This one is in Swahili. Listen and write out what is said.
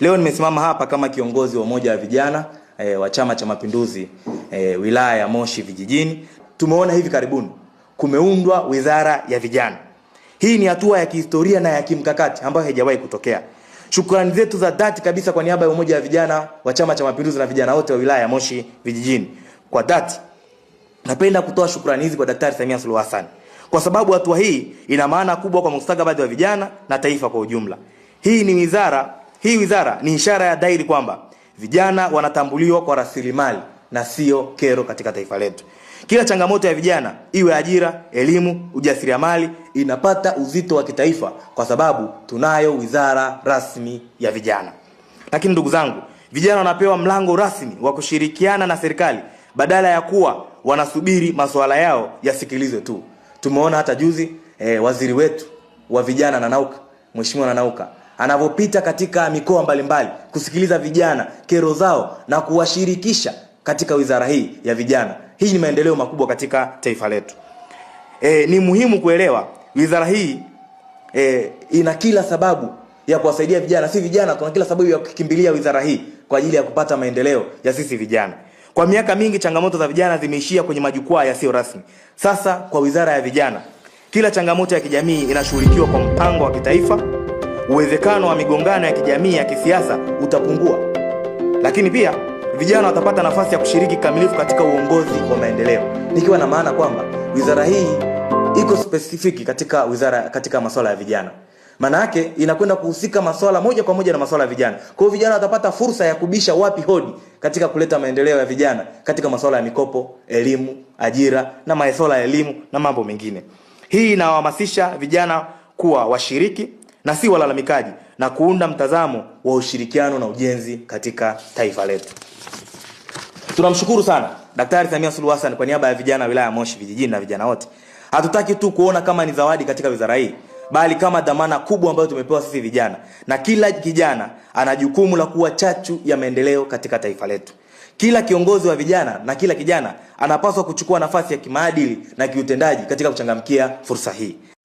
Leo nimesimama hapa kama kiongozi wa umoja wa vijana e, wa Chama cha Mapinduzi e, wilaya ya Moshi vijijini. Tumeona hivi karibuni kumeundwa wizara ya vijana. Hii ni hatua ya kihistoria na ya kimkakati ambayo haijawahi kutokea. Shukrani zetu za dhati kabisa kwa niaba ya umoja wa vijana wa Chama cha Mapinduzi na vijana wote wa wilaya ya Moshi vijijini. Kwa dhati napenda kutoa shukrani hizi kwa Daktari Samia Suluhu Hassan kwa sababu hatua hii ina maana kubwa kwa mustakabali wa vijana na taifa kwa ujumla. Hii ni wizara hii wizara ni ishara ya dhahiri kwamba vijana wanatambuliwa kwa rasilimali na sio kero katika taifa letu. Kila changamoto ya vijana, iwe ajira, elimu, ujasiriamali, inapata uzito wa kitaifa kwa sababu tunayo wizara rasmi ya vijana. Lakini ndugu zangu, vijana wanapewa mlango rasmi wa kushirikiana na serikali badala ya kuwa wanasubiri masuala yao yasikilizwe tu. Tumeona hata juzi eh, waziri wetu wa vijana Nanauka, Mheshimiwa Nanauka anavyopita katika mikoa mbalimbali kusikiliza vijana kero zao na kuwashirikisha katika wizara hii ya vijana. Hii ni maendeleo makubwa katika taifa letu. E, ni muhimu kuelewa wizara hii e, ina kila sababu ya kuwasaidia vijana. Si vijana, tuna kila sababu ya kukimbilia wizara hii kwa ajili ya kupata maendeleo ya sisi vijana. Kwa miaka mingi changamoto za vijana zimeishia kwenye majukwaa yasiyo rasmi. Sasa kwa wizara ya vijana, kila changamoto ya kijamii inashughulikiwa kwa mpango wa kitaifa uwezekano wa migongano ya kijamii ya kisiasa utapungua, lakini pia vijana watapata nafasi ya kushiriki kikamilifu katika uongozi wa maendeleo, nikiwa na maana kwamba wizara hii iko spesifiki katika wizara katika masuala ya vijana. Maana yake inakwenda kuhusika masuala moja kwa moja na masuala ya vijana. Kwa hiyo vijana watapata fursa ya kubisha wapi hodi katika kuleta maendeleo ya vijana katika masuala ya mikopo, elimu, ajira na masuala ya elimu na mambo mengine. Hii inawahamasisha vijana kuwa washiriki na si walalamikaji na kuunda mtazamo wa ushirikiano na ujenzi katika taifa letu. Tunamshukuru sana Daktari Samia Suluhu Hassan kwa niaba ya vijana wilaya ya Moshi vijijini na vijana wote. Hatutaki tu kuona kama ni zawadi katika wizara hii, bali kama dhamana kubwa ambayo tumepewa sisi vijana, na kila kijana ana jukumu la kuwa chachu ya maendeleo katika taifa letu. Kila kiongozi wa vijana na kila kijana anapaswa kuchukua nafasi ya kimaadili na kiutendaji katika kuchangamkia fursa hii.